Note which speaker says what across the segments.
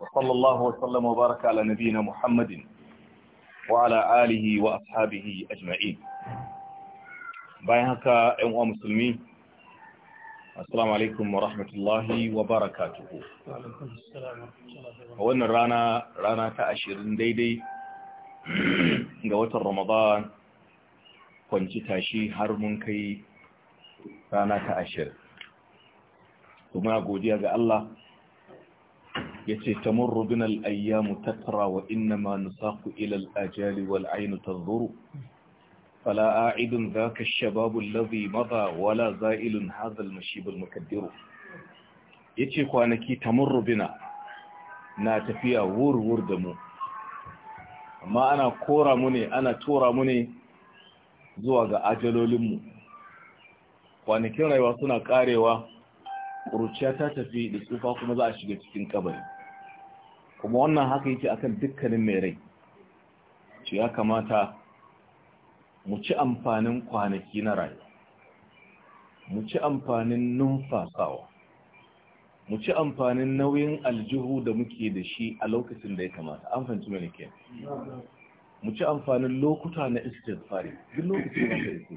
Speaker 1: وصلى الله وسلم وبارك على نبينا محمد وعلى آله وأصحابه أجمعين bayan haka ‘yan uwa musulmi assalamu alaikum wa rahmatullahi wa barakatuhu a wannan rana rana ta ashirin daidai ga watan ramadan kwanci tashe har mun kai rana ta ashirin kuma godiya ga Allah ya ce ta murru al'ayya mu tattara wa inna ma ku ilal ajali wal ainu zuru fala idin za ka shababun lazi maza wala za ilin hazal mashibul makaddiru ya ce kwanaki ta murru bina na tafiya wurwur da mu amma ana kora mu ne ana tura mu ne zuwa ga ajalolinmu kwanakin rayuwa suna karewa ƙuruciya ta tafi da tsufa kuma za a shiga cikin ƙabari. kuma wannan haka yake akan dukkanin mai rai ce ya kamata mu ci amfanin kwanaki na rayuwa mu ci amfanin numfasawa mu ci amfanin nauyin aljihu da muke da shi a lokacin da ya kamata an fahimci mai ke mu ci amfanin lokuta na istighfari duk lokacin da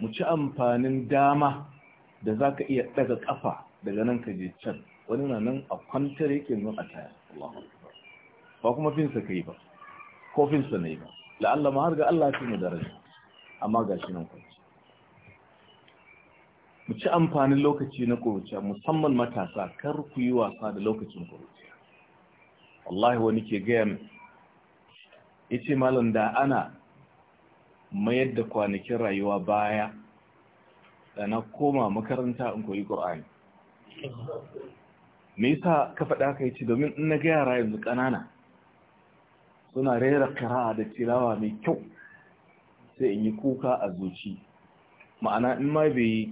Speaker 1: mu ci amfanin dama da za ka iya ɗaga ƙafa daga nan ka je can wani na nan a kwantar yake nun a taya ba kuma finsa ka yi ba ko finsa na yi ba la'alla ma har ga Allah fi mu daraja amma ga shi nan kwanci mu ci amfanin lokaci na kuruciya musamman matasa kar ku yi wasa da lokacin kuruciya wallahi wani ke gaya min yace malam da ana mayar da kwanakin rayuwa baya da na koma makaranta in koyi ƙur'ani me yasa ka faɗa ka yi ci domin in na ga yara yanzu ƙanana suna rera kira'a da tilawa mai kyau sai in yi kuka a zuci ma'ana in ma bai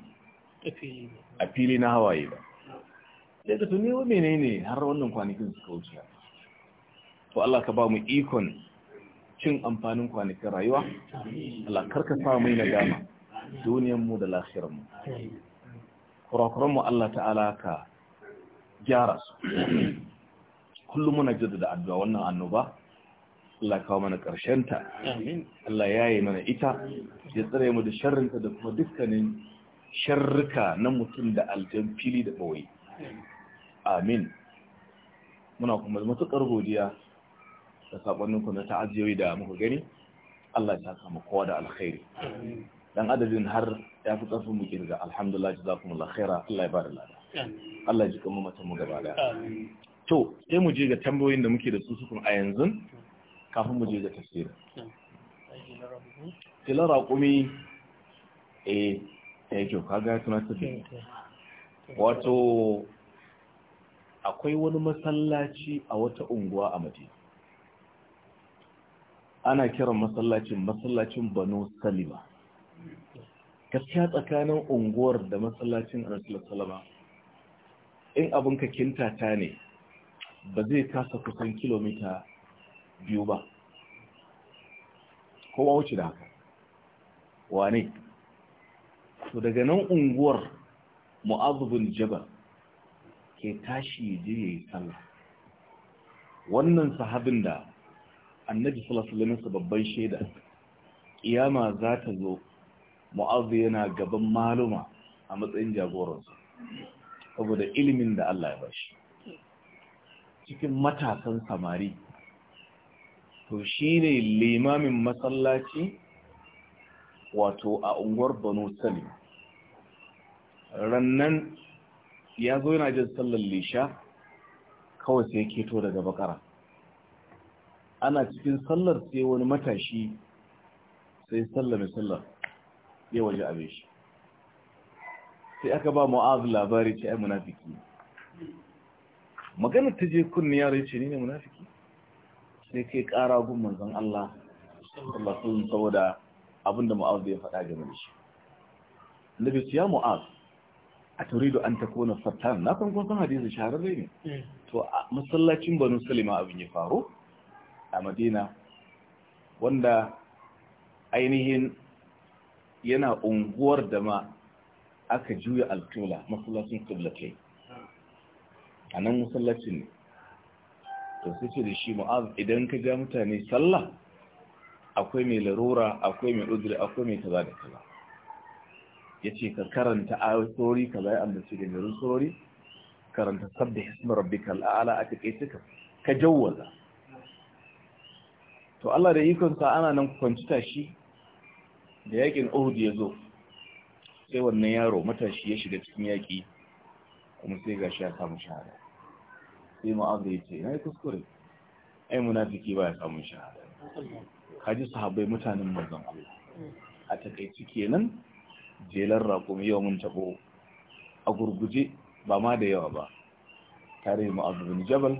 Speaker 1: yi a fili na hawaye ba sai ka tuni wa menene har wannan kwanakin suka wuce to Allah ka ba mu ikon cin amfanin kwanakin rayuwa Allah karka sa mai gama duniyanmu da lahirarmu kurakuranmu Allah ta'ala ka gyara su kullum muna da addu'a wannan annoba Allah kawo mana ta. Allah ya yi mana ita ya tsare mu da sharrinta da kuma dukkanin sharrika na mutum da aljan fili da ɓoye amin muna kuma matuƙar godiya da saƙonninku na ta'aziyoyi da muka gani Allah ya saka mu kowa da alkhairi dan adadin har ya fi ƙarfin mu kirga alhamdulillah jazakumullah khaira Allah ya bada lada Allah ji kuma mata mu gaba daya to sai mu je ga tambayoyin da muke da su sukun a yanzu kafin mu je ga tafsiri tilar raƙumi eh ya kyau kaga suna tafi wato akwai wani masallaci a wata unguwa a madina ana kiran masallacin masallacin banu salima gaskiya tsakanin unguwar da masallacin rasulullah salama, in abin ka kintata ne ba zai kasa kusan kilomita biyu ba kuma wuce da haka wane su daga nan unguwar mu'azubin jaba ke tashi je ya sallah wannan sahabin da annabi sallallahu babban shaida kiyama za ta zo mu'azu yana gaban maluma a matsayin jagoransu saboda ilimin da Allah ya bashi cikin matasan samari to shi ne limamin masallaci wato a unguwar banu salim rannan ya zo yana jin sallar lisha kawai sai keto daga bakara ana cikin sallar sai wani matashi sai sallar mai sallar ya waje abin shi sai aka ba mu'azu labari ce ai munafiki magana ta je kunni yaro ce ni ne munafiki sai kai kara gun manzon Allah Allah sun saboda abinda mu'azu ya faɗa game da shi nabi su ya mu'azu a turidu an ta kona fatan na kan kun san hadisi shahararre ne to masallacin banu salima abin ya faru a madina wanda ainihin yana unguwar da ma aka juya alƙula masallacin ƙiblatai a nan masallacin ne to sai ce da shi mu'az idan ka ga mutane sallah akwai mai larura akwai mai udiri akwai mai kaza da kaza ya ce ka karanta ayoyi kaza ya ambaci da garin sorori karanta sabda hismar rabbikal ala a take suka ka jawwaza to Allah da ikonsa ana nan kwanci tashi da yakin uhud ya zo sai wannan yaro matashi ya shiga cikin yaki kuma sai gashi ya samu shahada sai mu'azu ya ce yi kuskure ai munafiki ba ya samu shahada kaji sahabbai mutanen manzon Allah a takaici kenan jelar mai yau mun tabo a gurguje ba ma da yawa ba tare abu bin jabal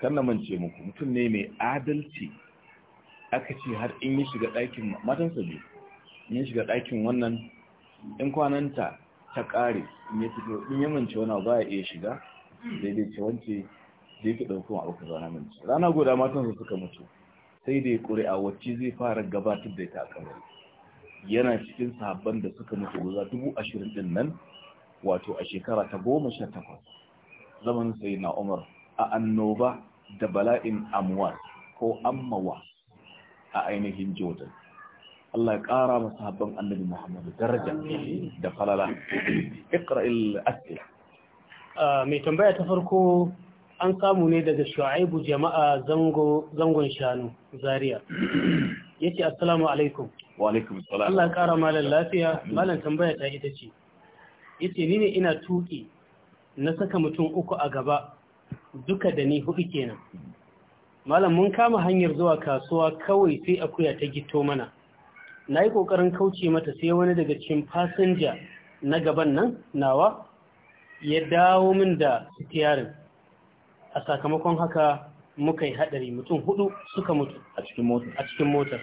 Speaker 1: kan na mance muku mutum ne mai adalci aka ce har in yi shiga ɗakin matansa biyu in shiga ɗakin wannan in kwananta ta ƙare in ya fito in ya mance wani ba ya iya shiga daidai ce wance da yake ɗauko a uku zana mance rana guda matan su suka mutu sai da ya a wacce zai fara gabatar da ita a yana cikin sahabban da suka mutu guda dubu ashirin din nan wato a shekara ta goma sha takwas zaman sai na umar a annoba da bala'in amuwa ko ammawa a ainihin jordan Allah ya ƙara masu habban annabi Muhammadu daraja da falala. Ikra'il Asir.
Speaker 2: Ah, mai tambaya ta farko an samu ne daga shu'aibu jama'a zangon shanu Zaria. Ya ce, Assalamu alaikum.
Speaker 1: Wa alaikum salam. Allah
Speaker 2: ya ƙara malar lafiya, malar tambaya ta ita ce. Ya ce, ni ne ina tuƙi na saka mutum uku a gaba duka da ni hudu kenan. Malam mun kama hanyar zuwa kasuwa kawai sai akuya ta gito mana. na yi ƙoƙarin kauce mata sai wani daga cikin fasinja na gaban nan nawa ya dawo min da sitiyarin a sakamakon haka muka yi haɗari mutum hudu suka mutu a cikin motar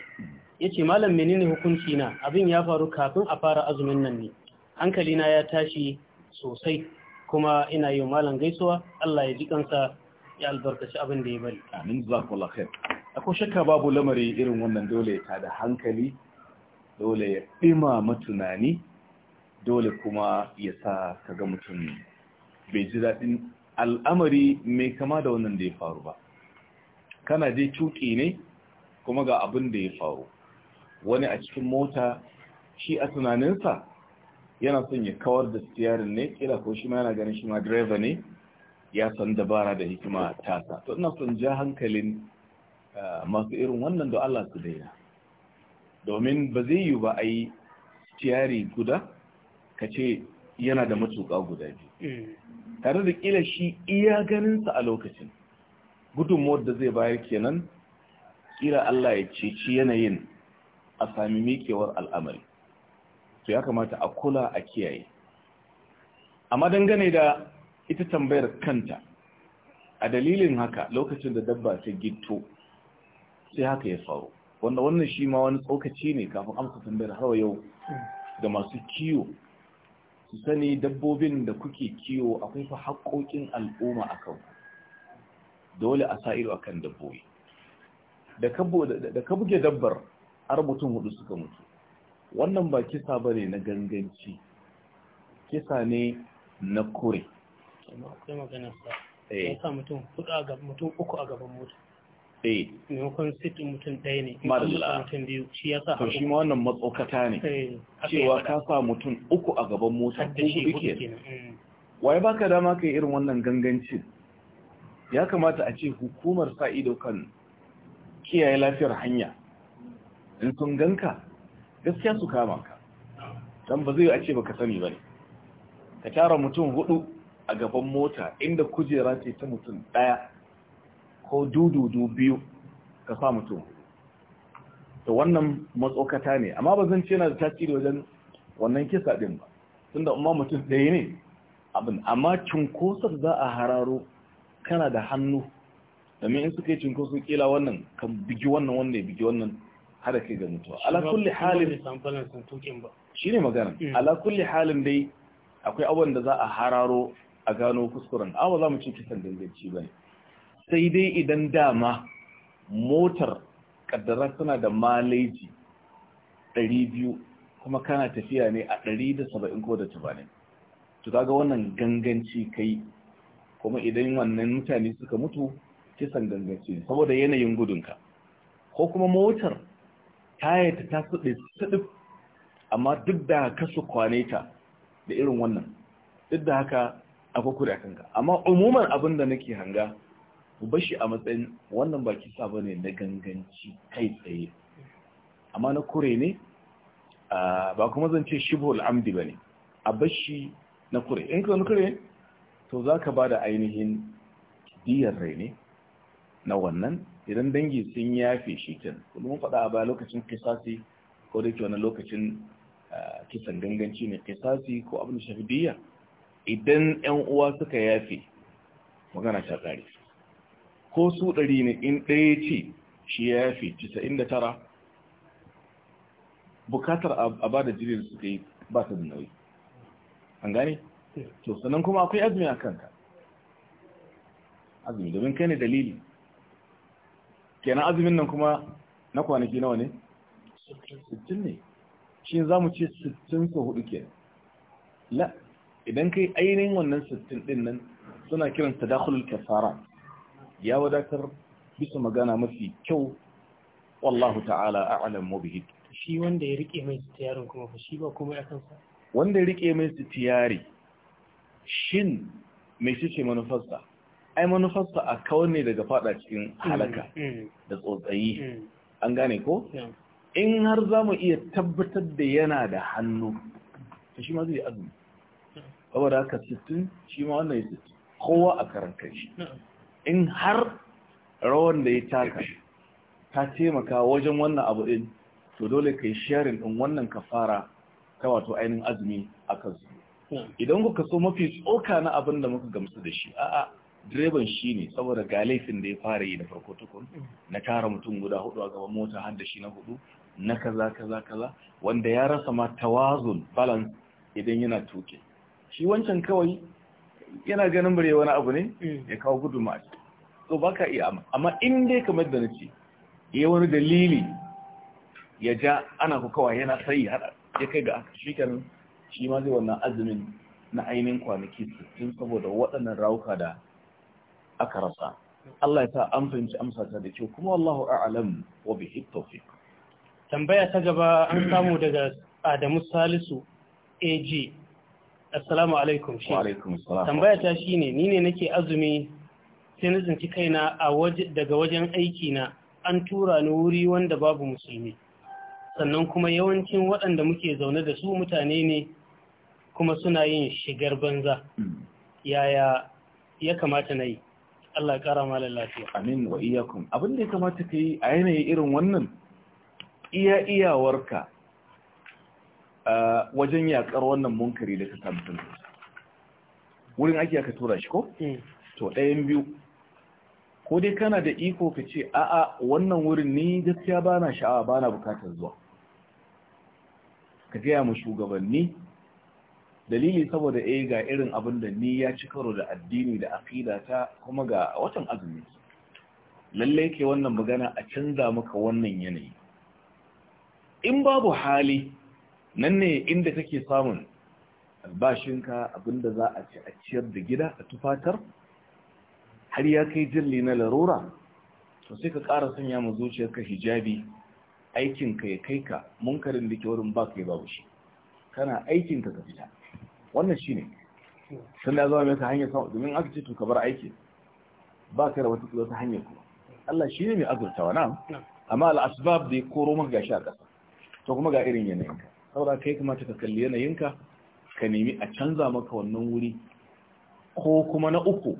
Speaker 2: ya ce malam menene hukunci na abin ya faru kafin a fara azumin nan ne hankali na ya tashi sosai kuma ina yi malam gaisuwa Allah ya ji kansa ya albarkaci abin da ya bari amin khair
Speaker 1: akwai shakka babu lamari irin wannan dole ta da hankali dole ya ɗimama tunani dole kuma ya sa ka ga mutum bai ji daɗin al'amari mai kama da wannan da ya faru ba kana je cuki ne kuma ga abin da ya faru wani a cikin mota shi a tunaninsa yana son ya kawar da siyarin ne kila ko shi ma yana ganin shi ma direba ne ya san dabara da hikima tasa to ina son ja hankalin eh, masu irin wannan da Allah su daina domin ba zai yi ba a yi tiyari guda ka ce yana da matuƙa guda biyu
Speaker 3: mm.
Speaker 1: tare da ƙila shi iya ganinsa a lokacin gudunmuwar da zai bayar kenan ƙila Allah ya ceci yanayin a sami miƙewar al'amari to ya kamata a kula a kiyaye amma dangane da ita tambayar kanta a dalilin haka lokacin da dabba ta gito sai haka ya faru wanda wannan shi ma wani tsokaci ne kafin amsa tambayar har yau ga masu kiwo su sani dabbobin da kuke kiwo akwai fa haƙoƙin al'umma a kan dole a sa ido kan dabbobi da ka buge dabbar har mutum hudu suka mutu wannan ba kisa ba ne na ganganci kisa ne na kure.
Speaker 2: Eh. ya sa mutum uku a gaban mutum. eh maimakon sitin ne
Speaker 1: to shi ma wannan matsaukata ne eh, cewa ka sa mutum uku a gaban mota ko hudu waye baka dama kai irin wannan gangancin ya kamata a ce hukumar sa ido kan kiyaye lafiyar hanya in sun ganka gaskiya su kama ka dan ba zai a ce baka sani bane ka tara mutum hudu a gaban mota inda kujera ce ta mutum ɗaya ko dududu biyu ka sa mutum to wannan matsokata ne amma ba zan ce yana da tasiri wajen wannan kisa din ba tunda umma mutum ɗaya ne abin amma cinkosar za a hararo kana da hannu domin in suka yi cinkoso kila wannan kan bigi wannan wanda ya bigi wannan har da kai ga mutuwa ala kulli halin shine magana mm. ala kulli halin dai akwai abin da za a hararo a gano kuskuren awa za mu ci kisan danganci ba ne sai dai idan dama motar kaddara suna da maleji 200 kuma kana tafiya ne a 170 ko da 80 to kaga wannan ganganci kai kuma idan wannan mutane suka mutu kisan ganganci saboda yanayin gudunka ko kuma motar tayata ta suɗe suɗi amma duk da ka su kwane ta da irin wannan duk da haka akwai kuri a kanka amma umuman abin da nake hanga ku shi a matsayin wannan ba kisa ba ne na ganganci kai tsaye amma na kure ne ba kuma zan ce shibhul amdi ba ne a bashi na kure in ka kure to za ka ba da ainihin diyar rai ne na wannan idan dangi sun yafe shi can mun faɗa a baya lokacin kisasi ko da ke wani lokacin kisan ganganci ne kisasi ko abin shafi idan 'yan uwa suka yafe magana ta ƙare ko su ɗari ne in ɗaya ce shi ya fi cisa'in da tara bukatar a ba da jirin suka yi ba ta da nauyi an gane? to sannan kuma akwai azumi a kanka azumi domin kai ne dalili kenan azumin nan kuma na kwanaki nawa ne? 60 ne shi za mu ce 60 sau hudu kenan la idan kai ainihin wannan 60 din nan suna kiran tadakhulul kafara ya wadatar bisa magana mafi kyau wallahu ta'ala a'lam mu bihi
Speaker 2: shi wanda ya rike mai sitiyarin kuma fa shi ba kuma ya kansa
Speaker 1: wanda ya rike mai sitiyari shin me ce manufarsa ai manufarsa a kawar ne daga fada cikin halaka mm, mm. da tsotsayi mm. an gane ko in har za mu iya tabbatar da yana da hannu to shi ma zai azumi saboda haka 60 shi ma wannan ya 60 kowa a karan shi in har rawan da ya taka ta taimaka wajen wannan abu din, to dole ka yi sharing din wannan kafara ta wato ainihin azumi a kansu idan kuka so mafi tsoka na abin da muka gamsu da shi a'a direban shi ne saboda ga laifin da ya fara yi da farko tukun na tara mutum guda hudu a gaban mota har da shi na hudu na kaza kaza kaza wanda ya rasa ma tawazun balance idan yana tuke shi wancan kawai yana ganin bare wani abu ne mm. ya kawo gudunma ce to ba ka iya amma amma in dai kamar da nace ya wani dalili ya ja ana ku kawai yana sai hada ya kai ga shi kan shi ma zai wannan azumin na ainihin kwanaki sittin saboda waɗannan rauka da aka rasa Allah ya sa an fahimci amsa ta da kyau kuma wallahu a'lam wa bihi tawfiq
Speaker 2: tambaya ta gaba an samu daga Adamu Salisu AG assalamu alaikum shi tambaya ta ne ni ne nake azumi sai na tsinci kaina daga wajen aiki na an tura ni wuri wanda babu musulmi sannan kuma yawancin waɗanda muke zaune da su mutane ne kuma suna yin shigar banza hmm. yaya
Speaker 1: ya kamata na yi Allah ya ƙara malar lafiya amin wa iyakun abin da ya kamata ka yi a yanayi irin wannan iya iyawarka wajen yakar wannan munkari da ka samu wurin aiki aka tura shi ko mm. to ɗayan biyu ko dai kana da iko ka ce a'a wannan wurin ni gaskiya ba na sha'awa ba na bukatar zuwa ka gaya mu shugabanni dalili saboda eh ga irin abin da ni ya ci karo da addini da aqida ta kuma ga watan azumi lalle ke wannan magana a canza maka wannan yanayi in babu hali nan ne inda kake samun albashinka abinda za a ci a ciyar da gida a tufatar har ya kai jirli na larura to sai ka ƙara sanya ma zuciyarka hijabi aikinka ya kai ka munkarin da ke wurin ba ka yi babu shi kana aikinka ka fita wannan shi ne sun da zama maka hanyar samun domin aka ce to ka bar aiki ba ka da wata wata hanyar kuma Allah shi ne mai azurtawa na amma al'asbab da ya koro maka gashi a ƙasa to kuma ga irin yanayinka saboda kai kamata ka kalli yanayinka ka nemi a canza maka wannan wuri ko kuma na uku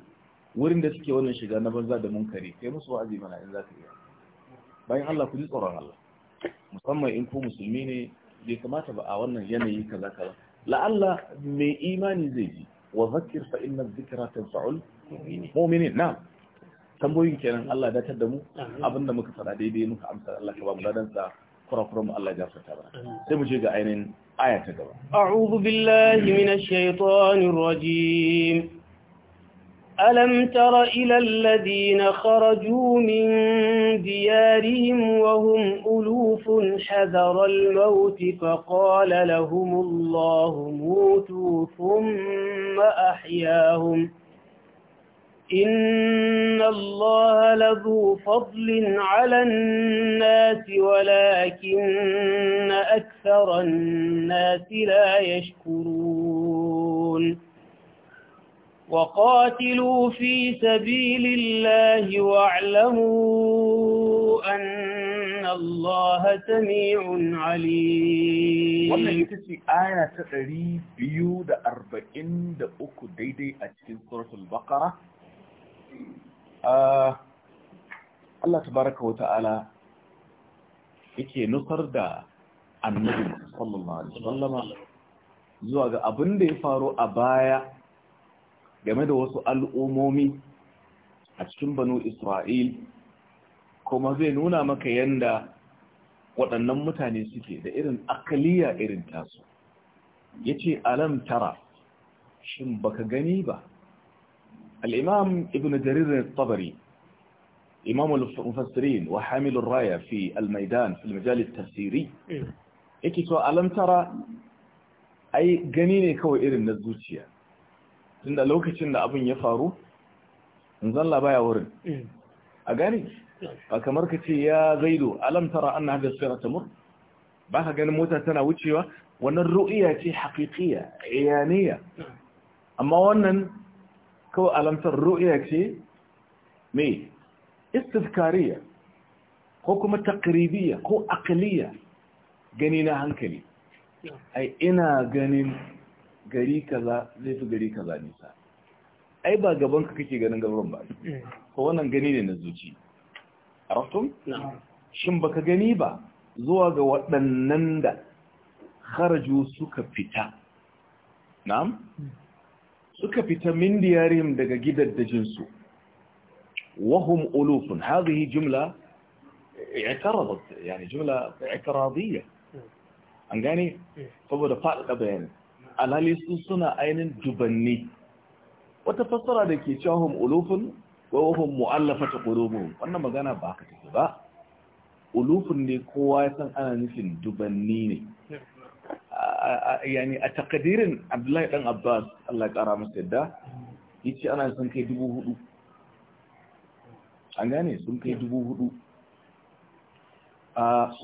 Speaker 1: wurin da suke wannan shiga na banza da munkari kai musu wa'azi mana in za ka iya bayan Allah ku ji tsoron Allah musamman in ku musulmi ne bai kamata ba a wannan yanayi kaza kaza la'alla mai imani zai ji wa zakir fa inna dhikra tanfa'ul mu'minin na tambayoyin kenan Allah ya datar da mu abinda muka fada daidai muka amsa Allah ka ba mu ladan فرفرم الله جرس كبرا سمجيك عينين آية كبرا
Speaker 4: أعوذ بالله من الشيطان الرجيم ألم تر إلى الذين خرجوا من ديارهم وهم ألوف حذر الموت فقال لهم الله موتوا ثم أحياهم إن الله لذو فضل على الناس ولكن أكثر الناس لا يشكرون وقاتلوا في سبيل الله واعلموا
Speaker 1: أن الله سميع عليم wannan ita ce aya ta 243 daidai a cikin suratul baqara Allah tabaraka wa ta'ala yake nufar da annabi sallallahu alaihi wasallam zuwa ga abin da ya faru a baya game da wasu al'umomi a cikin banu Isra'il kuma zai nuna maka yanda waɗannan mutane suke da irin akaliya irin tasu yace alam tara shin baka gani ba الإمام ابن جرير الطبري إمام المفسرين وحامل الراية في الميدان في المجال التفسيري إكتوا إيه. ألم ترى أي جنين كو إرم نزوتيا تند لوك تند أبن يفارو نزل الله بايا ورن إيه. أغاني فكمركتي يا غيدو ألم ترى أن هذه الصيرة تمر بعد أن موتا تنا وتشيوا وأن الرؤية حقيقية عيانية نعم. أما وأنن kawai alamtar ru'iya ce me istifkariya ko kuma takribiya ko akaliya gani na hankali ai ina ganin gari kaza zai fi gari kaza nisa ai ba gaban ka kake ganin gaban ba ko wannan gani ne na zuci araftum shin baka gani ba zuwa ga waɗannan da kharaju suka fita na'am hmm. suka fita min diyarim daga gidaddajinsu wahum ulufun hadhihi jumla i'taradat yani jumla i'tiradiyya an gani saboda faɗaɗa bayani alhali su suna ainin dubanni wata fassara da ke cewa hum ulufun wa wahum mu'allafata qulubuhum wannan magana ba ka tafi ba ulufun ne kowa ya san ana nufin dubanni ne yani a takadirin abdullahi dan abbas allah ya kara masa yadda ya ce ana sun kai dubu hudu an gane sun kai dubu hudu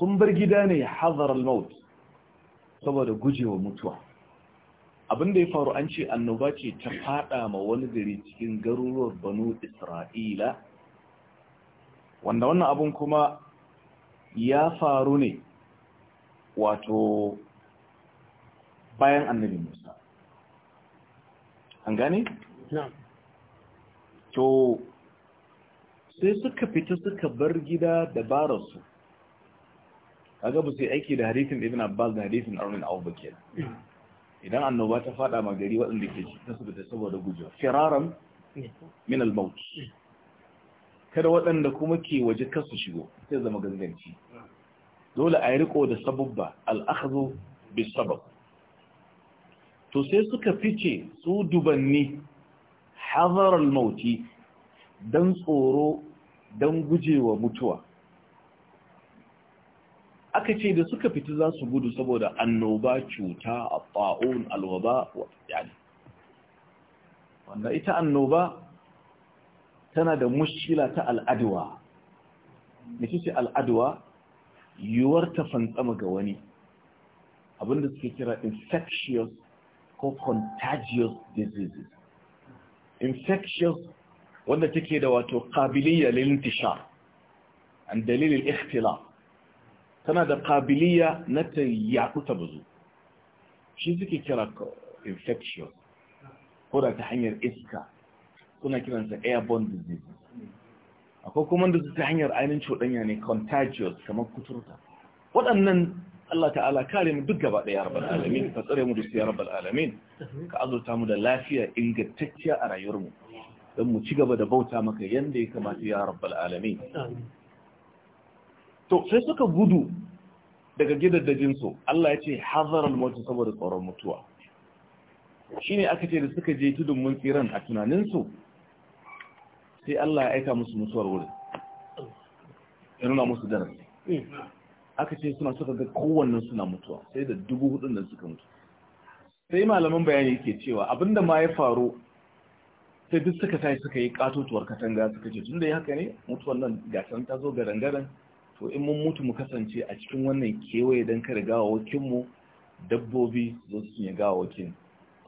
Speaker 1: sun bar gida ne hazar al-maut saboda gujewa mutuwa abin da ya faru an ce annoba ce ta fada ma wani gari cikin garuruwar banu isra'ila wanda wannan abin kuma ya faru ne wato bayan annabi musa an gane? to sai suka fita suka bar gida da bararsu kaga ba sai aiki da hadisin ibn abbas da hadisin arun abu idan annoba ta fada ma gari waɗanda ke ta su da saboda gujewa firaran min al-maut kada waɗanda kuma ke waje kasu shigo sai zama ganganci dole a yi riko da sababba al-akhdhu bis to sai suka fice su dubanni hazarar mauti don tsoro don gujewa mutuwa aka ce da suka fita za su gudu saboda annoba cuta a fa'on alwaba yani wanda ita annoba tana da mushkila ta al'adwa Me ce al'adwa yiwuwar ta fantsama ga wani abinda suke kira infectious ko contagious diseases infectious wanda take da wato qabiliyya lil intishar an dalilin ikhtilaf tana da qabiliyya na ta yaɗu ta bazu shi suke kira infectious ko da ta hanyar iska suna kiransa airborne disease akwai kuma da ta hanyar ainihin cuɗanya ne contagious kamar kuturta waɗannan Allah ta'ala kare mu duk gaba ɗaya rabbal alamin ka tsare mu da siya rabbal alamin ka azurta mu da lafiya ingantacciya a rayuwar mu don mu ci gaba da bauta maka yanda ya kamata ya rabbal alamin to sai suka gudu daga gidaddajin su Allah ya ce hazaral mutu saboda tsoron mutuwa shine aka ce da suka je tudun mun tsiran a tunanin su sai Allah ya aika musu mutuwar wurin ya nuna musu darasi mm. aka ce suna suka ga kowannen suna mutuwa sai da dubu hudun nan suka mutu sai malaman bayani ke cewa abinda ma ya faru sai duk suka sai suka yi katotuwar katanga suka ce tun da ya haka ne mutuwan nan gasan ta zo garan to in mun mutu mu kasance a cikin wannan kewaye don kada gawawakin mu dabbobi zo su yi gawawakin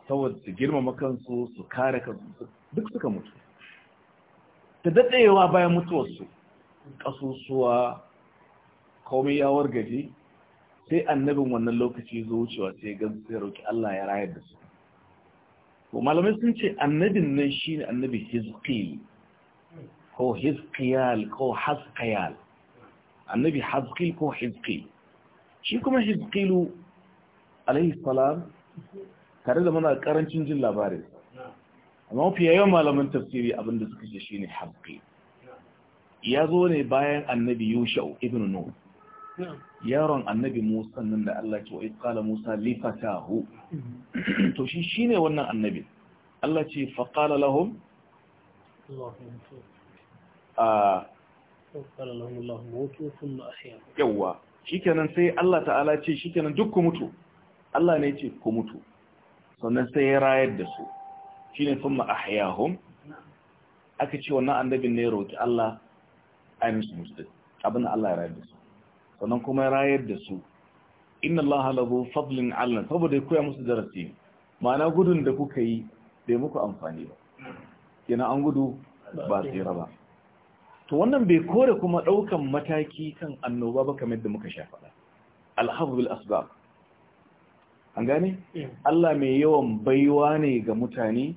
Speaker 1: saboda su girmama kansu su kare kansu duk suka mutu ta daɗewa bayan mutuwarsu ƙasusuwa komai ya wargaje sai annabin wannan lokaci zo wucewa sai ga sai roki Allah ya rayar da su to malamai sun ce annabin nan shine annabi hizqiyal ko Hizqiyal ko Hasqiyal annabi hazqil ko hizqi shi kuma Hizqilu alayhi salam tare da muna karancin jin labarin amma fi yawan malaman tafsiri abinda suka ce shine hazqi ya zo ne bayan annabi yusha ibn nuh yaron annabi Musa nan da Allah ce wa iqala Musa lifata hu, mm-hmm. to shi ne wannan annabi Allah ce fa qala Yawwa a qala shikenan sai Allah ta'ala ce shikenan duk ku mutu Allah ne ce ku mutu sannan sai ya rayar da su Shi ne thumma ahyahum aka ce wannan annabin ne roƙi Allah ayi musu musulmi abin da Allah ya rayar da su sannan kuma rayar da su inna Allah lahu fadlin alna saboda ya koya musu darasi ma'ana gudun da kuka yi bai muku amfani ba kina an gudu ba tsira ba to wannan bai kore kuma daukan mataki kan annoba ba kamar da muka sha faɗa alhabul asbab an gane mm. Allah mai yawan baiwa ne ga mutane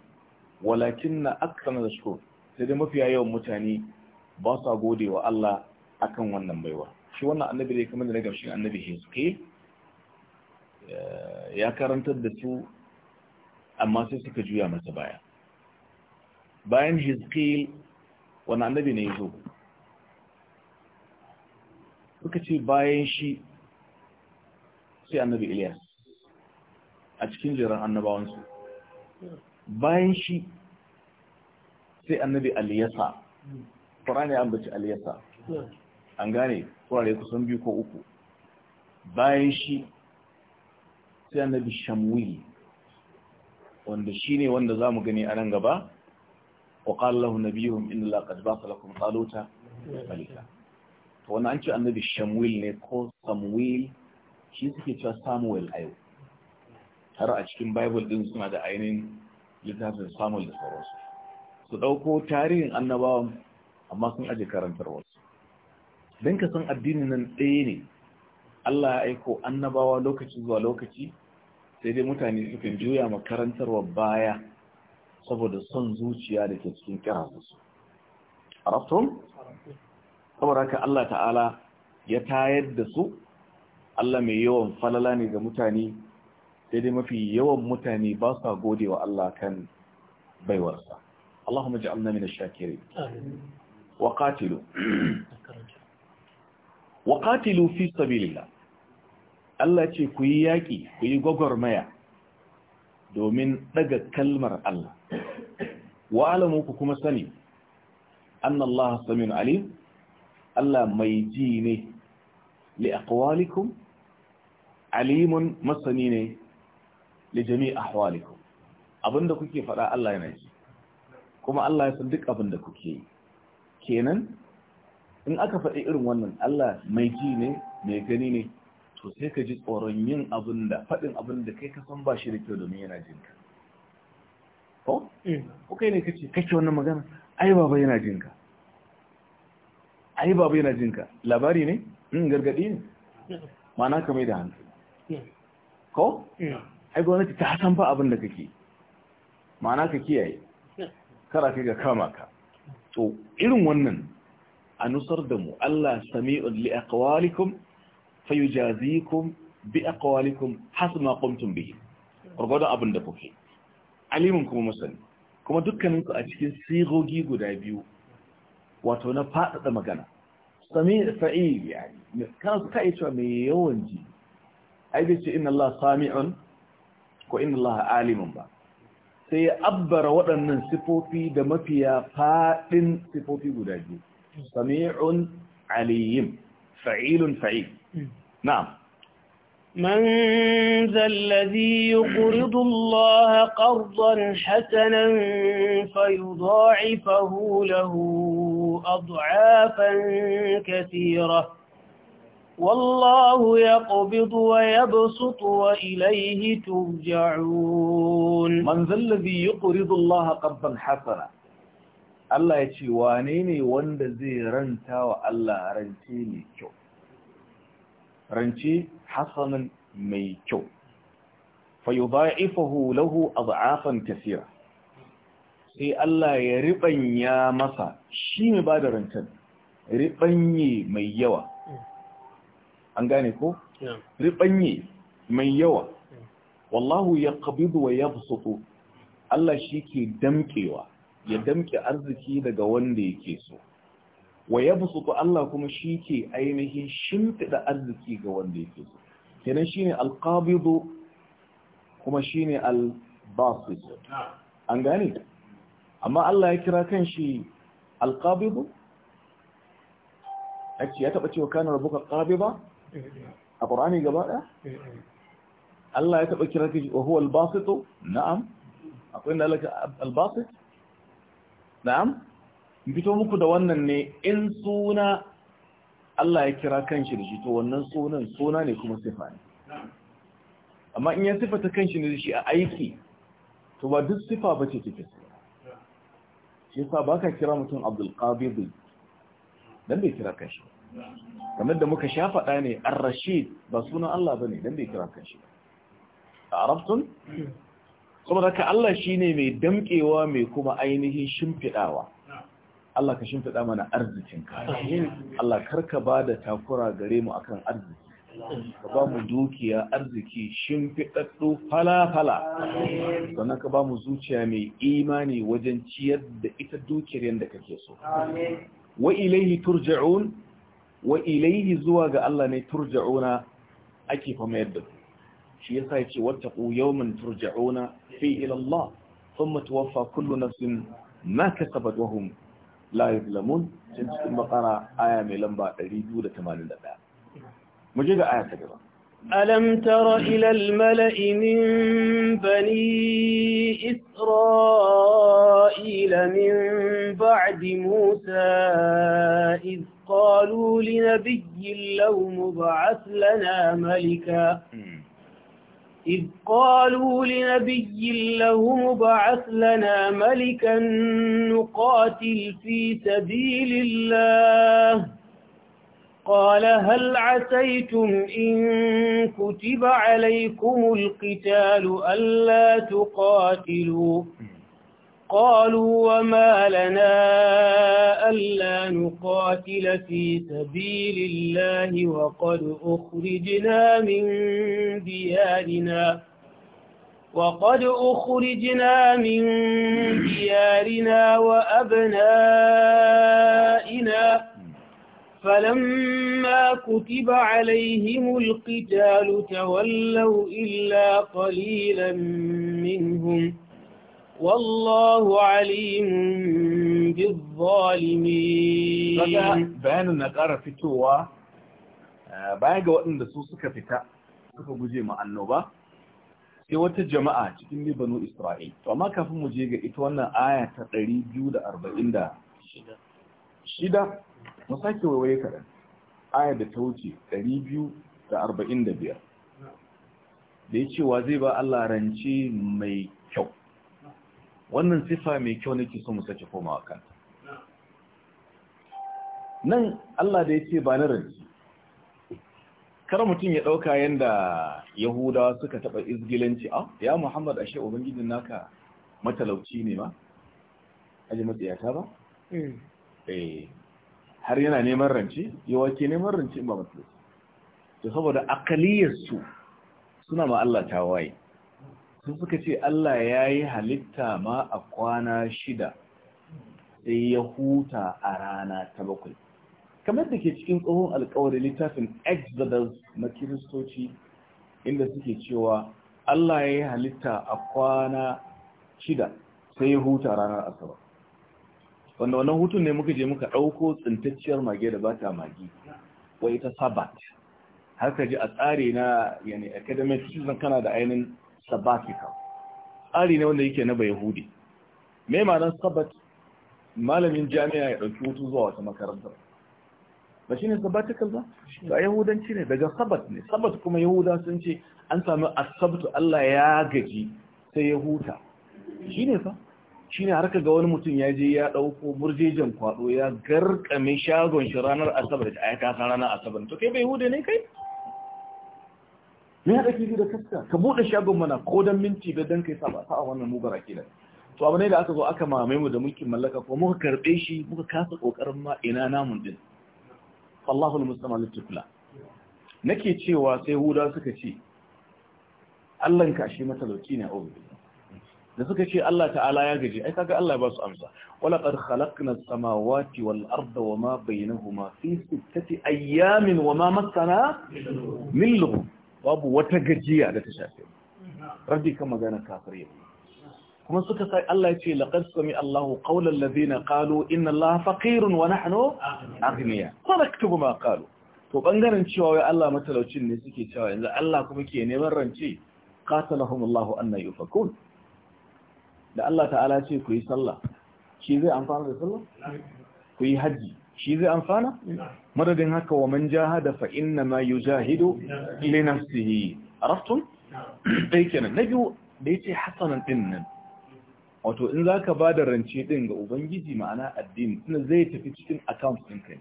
Speaker 1: walakin na akthar shukr sai dai mafiya yawan mutane ba sa gode wa Allah akan wannan baiwa shi wannan annabi ne kamar da na gamshin annabi hezekiel eh, ya karantar da su amma sai suka juya masa baya bayan hezekiel wani annabi ne ya zo suka ce bayan shi sai annabi Ilyas a cikin jiran annabawansu bayan shi sai annabi Aliyasa ƙorani an baci Aliyasa hmm. an gane turare kusan biyu ko uku bayan shi sai annabi shamwili wanda shi ne wanda za mu gani a nan gaba wa ƙallahu na biyu inda laƙad ba su wani an ce annabi shamwil ne ko samwil. shi suke cewa samuel a yau har a cikin bible din suna da ainihin littafin samuel da sauransu su ɗauko tarihin annabawan amma sun aje wasu don ka san addinin nan ɗaya ne Allah ya aiko annabawa lokaci zuwa lokaci sai dai mutane sukan juya makarantarwa baya saboda son zuciya da ke cikin kiransu su raftun? saboda haka Allah ta'ala ya tayar da su Allah mai yawan falala ne ga mutane sai dai mafi yawan mutane ba sa gode wa Allah kan baiwarsa Allahumma ja'alna min ash-shakirin wa qatilu wa qatilu fi sabilillah Allah ce ku yi yaƙi ku yi gwagwarmaya domin daga kalmar Allah wa alamu ku kuma sani annallaha samin alim Allah mai ji ne li aqwalikum alimun masani ne li jami'i ahwalikum abinda kuke faɗa Allah yana ji kuma Allah ya san duk abinda kuke yi kenan in aka faɗi irin wannan Allah mai ji ne mai gani ne to sai ka ji tsoron yin abin da faɗin abin da kai ka san ba shi da kyau domin yana jin ka ko mm. ko kai ne ce kake wannan magana ai baba yana jin ka ai baba yana jin ka labari ne in mm, gargadi ne ma'ana ka mai da hankali mm. ko
Speaker 3: ai
Speaker 1: wani ta san ba abin da kake ma'ana ka kiyaye kara kai ga kama ka to irin wannan a nutsar da mu Allah sami'un li aqwalikum fayujazikum bi aqwalikum hasma qumtum bihi gurgurdan abin da kuke alimin kuma masani kuma dukkanin ku a cikin sigogi guda biyu wato na fadada magana sami fa'il yani kan ka yi cewa me yawan ji ai bai ce inna Allah sami'un ko inna Allah alimin ba sai ya abbara waɗannan sifofi da mafiya faɗin sifofi guda biyu سميع عليم فعيل فعيل نعم
Speaker 4: من ذا الذي يقرض الله قرضا حسنا فيضاعفه له أضعافا كثيرة والله يقبض ويبسط وإليه
Speaker 1: ترجعون من ذا الذي يقرض الله قرضا حسنا Allah ya ce wane ne wanda zai ranta wa Allah rance mai kyau rance hasanan mai kyau fa yudha'ifahu lahu ad'afan kaseera sai Allah ya ribanya masa shi ne ba da rancen ribanye mai yawa an gane ko ribanye mai yawa wallahu yaqbidu wa yabsutu Allah shi ke damkewa ya damke arziki daga wanda yake so wa ya yabsutu Allah kuma shi ke ainihin shimfiɗa arziki ga wanda yake so kenan ne alqabidu kuma shi ne albasit an gane amma Allah ya kira kan shi alqabidu ake ya taɓa cewa buka rabuka ba? a qur'ani gaba daya Allah ya taɓa kira kan shi wa huwa albasit na'am akwai inda Allah na'am fito muku da wannan ne in suna Allah ya kira kanshi da shi to wannan sunan suna ne kuma sifa ne amma in ya sifata kanshi ne da shi a aiki to ba duk sifa ba ce take
Speaker 3: sifa
Speaker 1: shi yasa baka kira mutum Abdul Qabid dan bai kira kanshi kamar da muka sha faɗa ne Ar-Rashid ba sunan Allah bane dan bai kira kanshi ba arabtun saboda ka Allah shine mai damkewa mai kuma ainihin shimfidawa Allah ka shimfida mana arzikinka Allah karka bada takura gare mu akan
Speaker 3: arziki
Speaker 1: ka ba mu dukiya arziki shimfidaddu fala-fala sannan ka ba mu zuciya mai imani wajen ciyar da ita dukiyar yadda kake so wa ilaihi turja'un wa ilaihi zuwa ga Allah ne turja'una ake fa mayar da ku shi yasa yace wattaqu yawman turja'una fi ila Allah thumma tuwaffa kullu nafsin ma kasabat wa hum la yuzlamun sun cikin bakara aya mai lamba 281 mu je ga aya ta gaba ألم تر إلى الملأ
Speaker 4: من بني إسرائيل من بعد موسى إذ قالوا لنبي لو مبعث لنا ملكا إذ قالوا لنبي له مبعث لنا ملكا نقاتل في سبيل الله قال هل عسيتم إن كتب عليكم القتال ألا تقاتلوا قالوا وما لنا ألا نقاتل في سبيل الله وقد أخرجنا من ديارنا وقد أخرجنا من ديارنا وأبنائنا فلما كتب عليهم القتال تولوا إلا قليلا منهم والله عليم
Speaker 1: بالظالمين bayanin na ƙara fitowa eh, bayan ga waɗanda su suka fita suka guje ma annoba sai wata jama'a cikin libanu isra'il to amma kafin mu je ga ita wannan aya ta 246 shida mu sake waiwaye kaɗan aya da ta wuce 245 da ya cewa zai ba Allah rance mai wannan sifa mai kyau nake so mu sake komawa kan nan Allah da yake ba na ranci kar mutum ya dauka yanda yahudawa suka taba izgilanci ah ya Muhammad ashe ubangijin naka matalauci ne ma aje matsiyata ba hmm. eh har yana neman rance yawa ke neman rance ba mutum to saboda akaliyar su suna ma Allah tawaye Sun suka ce Allah ya yi halitta ma a kwana shida sai ya huta a rana ta bakwai kamar da ke cikin tsohon alkawari littafin exodus na kiristoci inda suke cewa Allah ya yi halitta a kwana shida sai ya huta a ranar asabar wanda wannan hutun ne muka je muka ɗauko tsintacciyar mage da ba magi wai ta sabat har ka ji a tsari na yani academic citizen kana da ainihin sabbatical tsari ne wanda yake na bai yahudi mai ma'anar sabbat malamin jami'a ya ɗauki hutu zuwa wata makarantar ba shi ne sabbatical ba ba yahudanci ne daga sabbat ne sabbat kuma yahuda sun ce an sami asabtu Allah ya gaji sai ya huta shi ne fa shi ne ka ga wani mutum ya je ya ɗauko murjejen kwaɗo ya garkame shagon shi ranar asabar da aya kasa ranar asabar to kai bai hude ne kai me haɗa kifi da kaska ka buɗe shagon mana ko dan minti da dan kai saba sa wannan mubara kenan to abu ne da aka zo aka mamaye mu da mulkin mallaka ko muka karɓe shi muka kasa kokarin ma ina namun din Allahu al-musta'an al nake cewa sai huda suka ce Allah ka shi matalauci ne obi da suka ce Allah ta'ala ya gaji ai kaga Allah ya ba su amsa wala qad khalaqna as-samawati wal arda wama bainahuma fi sittati ayyamin wama massana min lughub babu wata gajiya da ta shafe rabbi kan magana kafirai kuma suka sai Allah ya ce laqad sami Allahu qawlan ladina qalu inna Allaha faqirun wa nahnu aghniya faraktubu ma qalu to bangaren cewa wai Allah matalaucin ne suke cewa yanzu Allah kuma ke neman rance qatalahum Allahu anna yufakun da Allah ta'ala ce ku yi sallah shi zai amfana da sallah ku yi haji shi zai amfana madadin haka wa man jahada fa inna ma yujahidu li nafsihi araftum dai kenan na biyu da yace hasanan din nan wato in zaka bada rance din ga ubangiji ma'ana addini tunda zai tafi cikin account din kai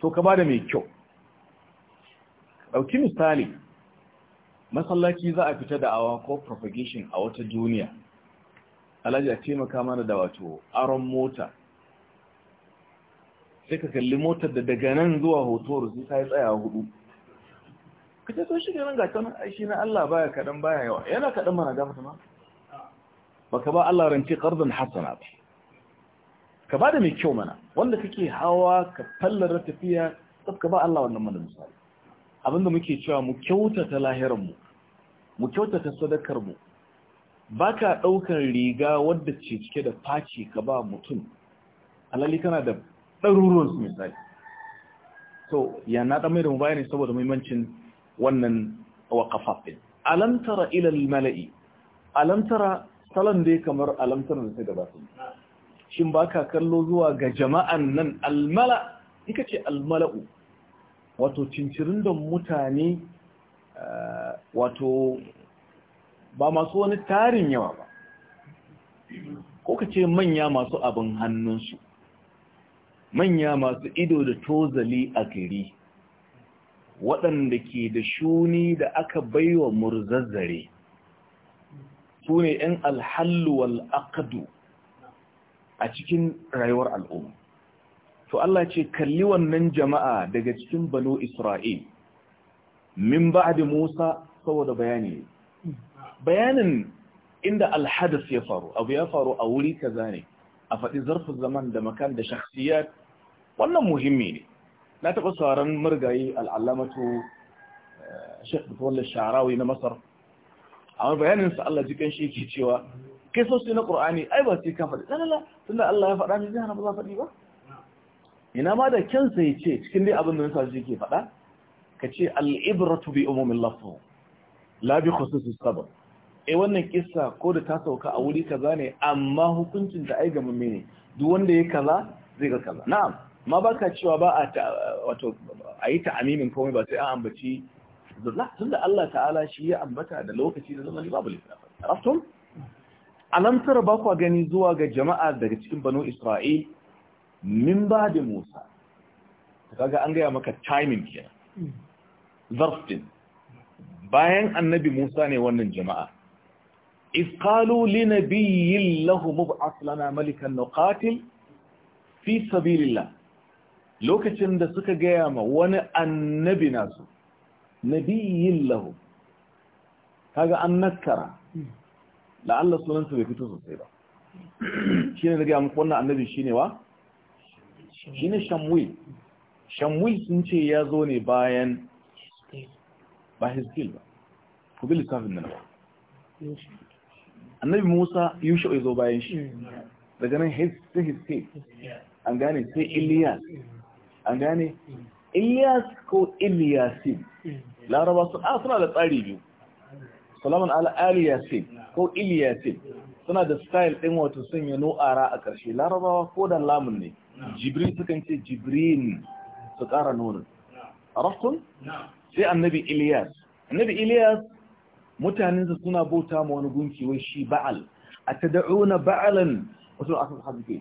Speaker 1: to ka bada mai kyau dauki misali masallaci za a fita da awa ko propagation a wata duniya alhaji a taimaka mana da wato aron mota sai ka kalli motar da daga nan zuwa hoto sai ta yi tsaya hudu ka ce to shi ne nan gata nan aishi na Allah baya kaɗan baya yawa yana kaɗan mana gafata ma ba ka ba Allah rance ƙarzan hasana ba ka ba da mai kyau mana wanda kake hawa ka da tafiya tsaf ka ba Allah wannan mana misali abinda muke cewa mu kyautata lahiranmu mu kyautata sadakarmu ba ka ɗaukar riga wadda ce cike da faci ka ba mutum alali kana da ɗaruruwan su misali so ya na ɗan mai da mu bayani saboda muhimmancin wannan waƙafafin alamtara ilal mala'i alamtara salon dai kamar alamtara da ta gabata shin ba ka kallo zuwa ga jama'an nan almala ika ce almala'u wato cincirin da mutane eh, wato ba masu wani tarin yawa ba ko ka ce manya masu abin hannunsu manya masu ido da tozali a gari waɗanda ke da shuni da aka baiwa murzazzare su ne 'yan alhallu wal'akadu a cikin rayuwar al'umma to Allah ce kalli wannan jama'a daga cikin bano Isra'il min ba da Musa saboda bayani bayanin inda alhadas ya faru abu ya faru a wuri ka zane. a faɗi zarfin zaman da makan da shakhsiyar wannan muhimmi ne na taɓa sauran murgaye al'alamatu eh, shek fitolar sharawi na masar amma bayaninsa Allah jikin shi ke cewa kai sosai na ƙur'ani ai ba su yi kan faɗi ɗanala tun da Allah ya faɗa mai zihana ba za faɗi ba ina ma da kyansa ya ce cikin dai abin da nasa shi ke faɗa ka ce al'ibratu bi umumin lafu la bi khususi sabab eh wannan kissa ko da ta sauka a wuri kaza ne amma hukuncin da ai ga mummene duk wanda ya kaza zai ga kaza na'am ma ba ka cewa ba a wato a yi ta'amimin komai ba sai an ambaci zulla tun da Allah ta'ala shi ya ambata da lokaci da zamani babu littafin raftun alam tara ba kwa gani zuwa ga jama'a daga cikin banu isra'il min ba da musa kaga an gaya maka timing kenan zarfin bayan annabi musa ne wannan jama'a إذ قالوا لنبي له مبعث لنا ملكا نقاتل في سبيل الله lokacin da suka gaya ma wani annabi nasu nabiyyin lahu kaga an nakara la'alla sunansa bai fito sosai ba shi ne gaya muku wannan annabi shi ne wa? shi ne shamwil shamwil sun ce ya zo ne bayan ba hiskil ba ku bi lissafin nan ba annabi musa Yusha ya zo bayan shi daga nan hiskil. an gane sai iliyas an gane hmm. Ilyas ko Iliyasin? Hmm. laraba a ah, suna da tsari biyu salaman al'aliyasin ko Ilyasin suna da style ɗin wato sun yi nu'ara a ƙarshe larabawa ko da lamun ne jibril sukan ce jibrin su ƙara nunin. arafkun sai annabi iliyas annabi Ilyas mutanensa suna bauta ma wani gunki wai shi ba'al a ta da'una ba'alan wasu a sun haske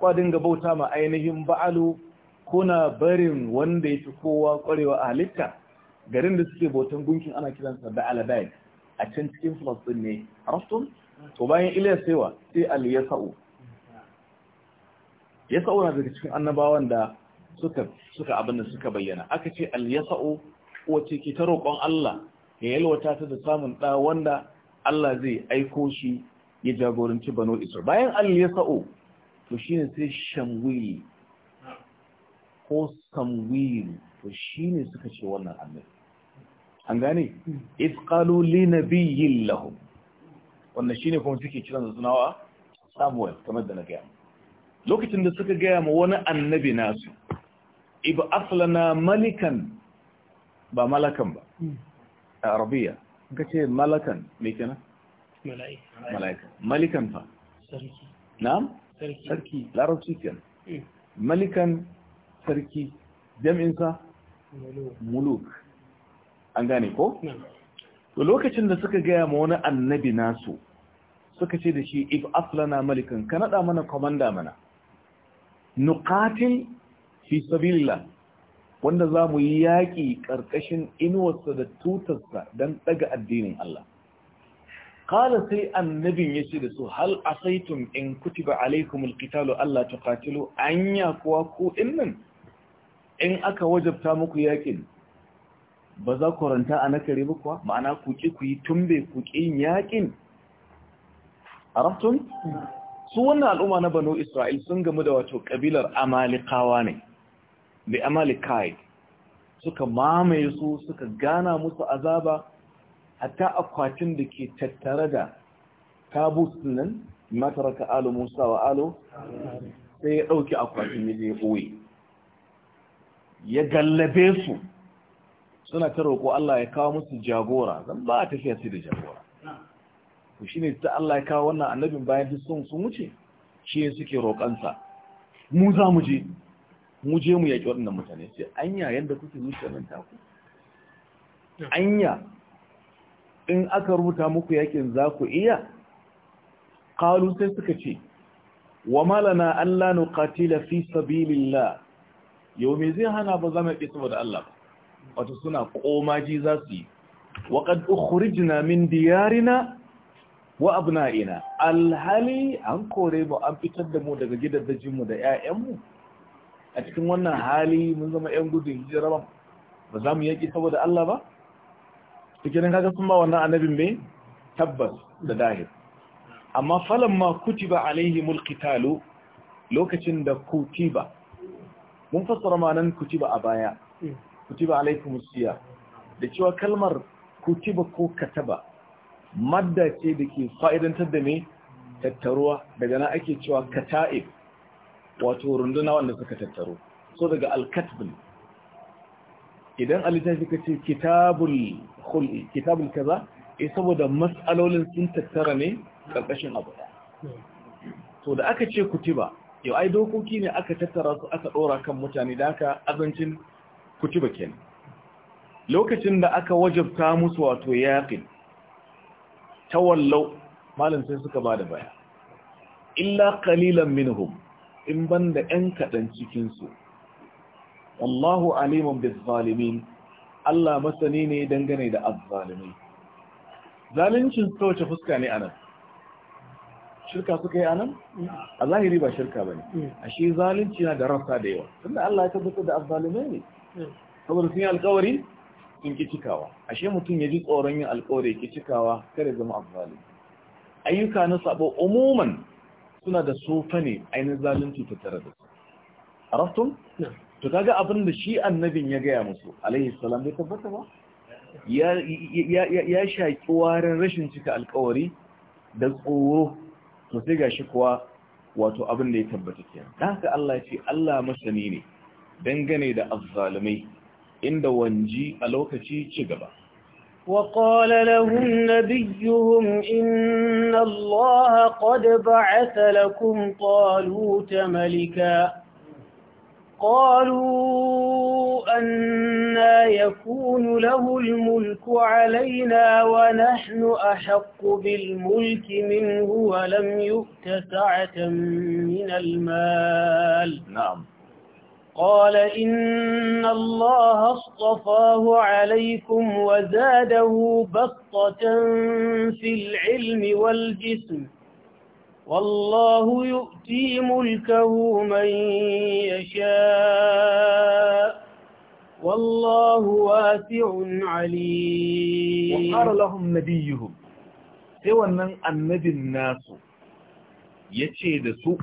Speaker 1: kwa dinga bauta ma ainihin ba'alu kuna barin wanda ya fi kowa kwarewa a halitta garin da suke bautan gunkin ana kiransa da aladai a can cikin falastin ne rastun to bayan iliyas saiwa sai ya Ya sa'o na daga cikin annabawan da suka suka abin suka bayyana aka ce ya aliyasa'u wace ke ta roƙon Allah ya yalwata ta da samun ɗa wanda Allah zai aiko shi ya jagoranci bano isra bayan ya aliyasa'u to shine sai shamwili ko samwil to shine suka ce wannan annabi an gane iz qalu li nabiyyin lahum wannan shine kuma suke kiran da sunawa kamar da na gaya lokacin da suka gaya ma wani annabi nasu iba aflana malikan ba malakan ba a arabiya ka ce malakan mai kenan mala'ika malikan fa na'am sarki larabci kenan mm. malikan sarki jam'insa muluk an gane ko? to lokacin da suka gaya ma wani annabi nasu suka ce da shi if aflana malikan ka naɗa mana komanda mana nukatin fi wanda za mu yi yaƙi ƙarƙashin inuwarsa da tutarsa don ɗaga addinin Allah. Kala sai annabin ya ce da su hal asaitun in kutiba alaikum alkitalu Allah ta katilu an kuwa ko nan in aka wajabta muku yakin ba za ku ranta a na kare bukwa ma'ana ku ki ku yi tumbe ku yin yakin raftun? su wannan al'umma na banu isra'il sun gamu da wato kabilar amalikawa ne da amalikai suka mamaye su suka gana musu azaba hatta akwatin da ke tattare da tabus nan mataraka alu musa wa alu sai ya ɗauki akwatin ya je ya gallabe su suna ta roƙo Allah ya kawo musu jagora zan ba a tafiya sai da jagora to ne ta Allah ya kawo wannan annabin bayan duk sun sun wuce shi ne suke roƙansa mu za mu je mu je mu yaƙi waɗannan mutane sai anya yadda kuke zuciyar nan taku anya in aka rubuta muku yakin za ku iya qalu sai suka ce wa malana la nuqatila fi sabilillah yau me zai hana ba za mu yi saboda Allah Wata suna komaji za su yi wa qad ukhrijna min diyarina wa abna'ina alhali an kore mu an fitar da mu daga gidajenmu da 'ya'yanmu? a cikin wannan hali mun zama ƴan gudun hijira ba ba za mu yaki saboda Allah ba cikin kaga sun ba wannan annabin me tabbas da dahir amma falon falamma kutiba alaihimul qitalu lokacin da kutiba mun fassara ma'anan kutiba a baya eh. kutiba alaikum siya da cewa kalmar kutiba ko kataba madda ce da ke fa'idantar da mai tattaruwa daga na ake cewa kata'ib wato runduna wanda suka tattaro so daga alkatbin idan Ali ka ce kitabul kitabul kaza eh saboda mas'alolin sun tattara ne karkashin abu hmm. to da aka ce kutiba yau ai dokoki ne aka tattara su aka ɗora kan mutane da aka azancin kutuba ken lokacin da aka wajabta musu wato yaqin tawallau malam sai suka ba da baya illa qalilan minhum in banda 'yan kaɗan su wallahu alimun bizzalimin Allah masani ne dangane da azzalimai zalincin ta wace fuska ne anan shirka suka yi a nan a zahiri ba shirka ba ne hmm. a shi zalunci na da rasa da yawa tunda Allah ya tabbatar da azzalimai ne hmm. saboda sun yi alkawari sun ki cikawa ashe mutum ya ji tsoron yin alkawari ki cikawa kada zama azzalimi ayyuka na sabo umuman suna da sofa ne ainihin zalunci ta tare da su hmm. to kaga abin da shi annabin ya gaya musu alaihi salam bai tabbata ba ya shaƙi ya warin rashin cika alkawari da tsoro to sai shi kuwa wato abin da ya tabbata kenan dan haka Allah ya ce Allah masani ne dangane da azzalumai inda wanji a lokaci ci gaba
Speaker 4: وقال لهم نبيهم إن الله قد بعث لكم طالوت ملكا قالوا أنا يكون له الملك علينا ونحن أحق بالملك منه ولم يؤت سعة من المال نعم قال إن الله اصطفاه عليكم وزاده بسطة في العلم والجسم والله يؤتي ملكه من يشاء والله
Speaker 1: واسع عليم وقال لهم نبيهم sai wannan annabin nasu yace da su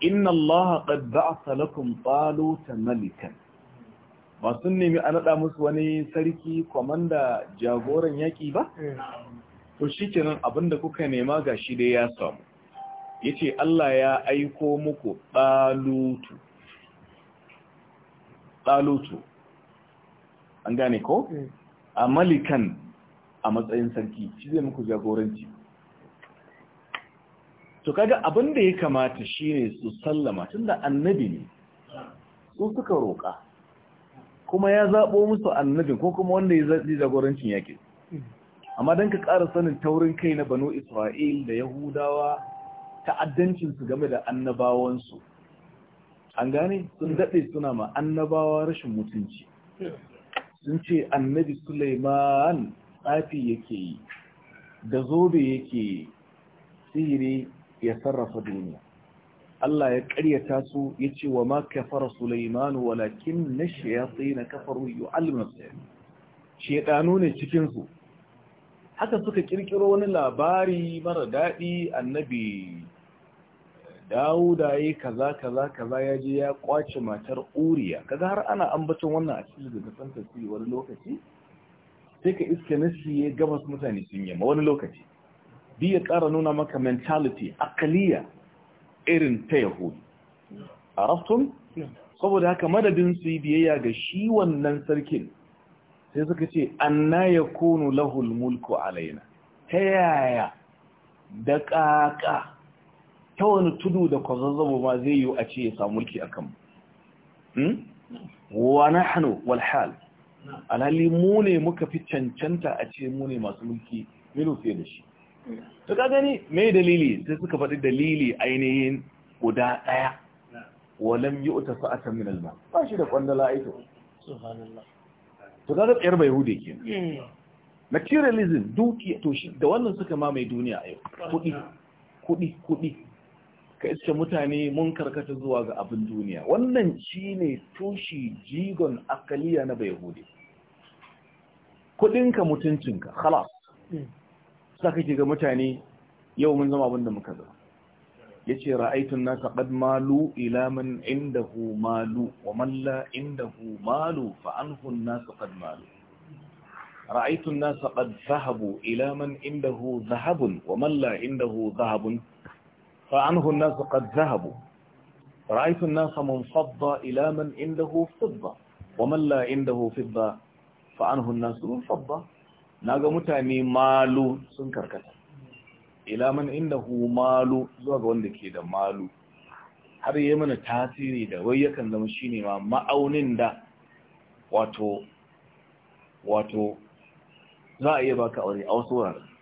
Speaker 1: inna Allah qad ba'atha lakum taluta malikan ba sun nemi a naɗa musu wani sarki kwamanda jagoran yaƙi ba to shikenan abinda kuka nema gashi dai ya samu yace Allah ya aiko muku talutu ɗalutu an gane ko mm. a malikan a matsayin sarki shi zai muku jagoranci to kaga abin da ya kamata shi ne su sallama tun da annabi ne su suka roƙa kuma ya zaɓo musu annabin ko kuma wanda ya zaɓi jagorancin yaƙi mm. amma don ka ƙara sanin taurin kai na banu isra'il da yahudawa ta'addancinsu game da annabawansu an gane sun daɗe suna ma annabawa rashin mutunci sun ce annabi suleiman tsafi yake yi da zobe yake sihiri ya sarrafa duniya Allah ya ƙaryata su ya ce wa ma kafara Sulaimanu walakin na shayatsi na kafaru yi alimin shaidanu ne cikinsu haka suka ƙirƙiro wani labari mara daɗi annabi dauda yayi kaza kaza kaza ya je ya kwace matar uriya kaga har ana ambaton wannan a cikin daga san su wani lokaci sai ka iska na ya gabas mutane sun yamma wani lokaci bi ya ƙara nuna maka mentality akaliya irin ta yahudu a raftun saboda haka madadin su yi biyayya ga shi wannan sarkin sai suka ce anna ya kono lahul mulku alaina ta yaya da ƙaƙa ta wani tudu da kwazazzabo ma zai yi a ce ya samu mulki a kan hmm? wa na hannu walhal alhali mu ne muka fi cancanta a ce mu ne masu mulki minu fiye da shi ta ka gani mai dalili sai suka faɗi dalili ainihin guda ɗaya walam yi uta sa'atan min alma ba shi da kwandala aito to kaga tsayar bai hude ke hmm. materialism duki to shi da wannan suka mamaye duniya a yau kuɗi kuɗi kuɗi ka iske mutane mun karkata zuwa ga abin duniya wannan shi ne tushi jigon akaliya na bai hude kudinka mutuncinka halas hmm. sa kake ga mutane yau mun zama abin da muka zama ya ce ra'aitun na qad malu ila man hu malu wa man la hu malu fa anhu nasa qad malu ra'aitun na qad zahabu ila man hu zahabun wa man la hu zahabun فعنه الناس قد ذهبوا رأيت الناس منفضة إلى من عنده فضة ومن لا عنده فضة فعنه الناس منفضة ناقا متعني مالو سنكر كتب إلى من عنده مالو زوغ واندك إذا مالو هذا يمن mana tasiri ويكا نمشيني ما مأونين دا واتو واتو ma'aunin da wato wato za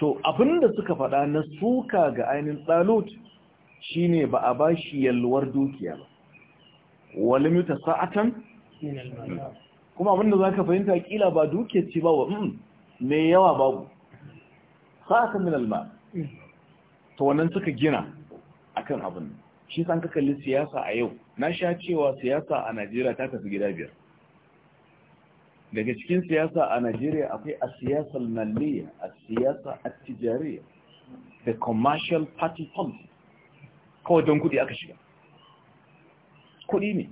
Speaker 1: to abinda suka faɗa na suka ga ainihin shi shine ba a ba shi yalwar dukiya ba wani mita sa'atan kuma abinda za ka fahimta kila ba dukiya ce ba wa mai mm, yawa babu sa'atan min alma ta wannan suka gina akan abin shi san ka kalli siyasa a yau na sha cewa siyasa a najeriya ta tafi gida biyar daga cikin siyasa a Najeriya akwai a siyasar malliya a siyasa a tijariya da commercial party policy kawai don kudi aka shiga kudi ne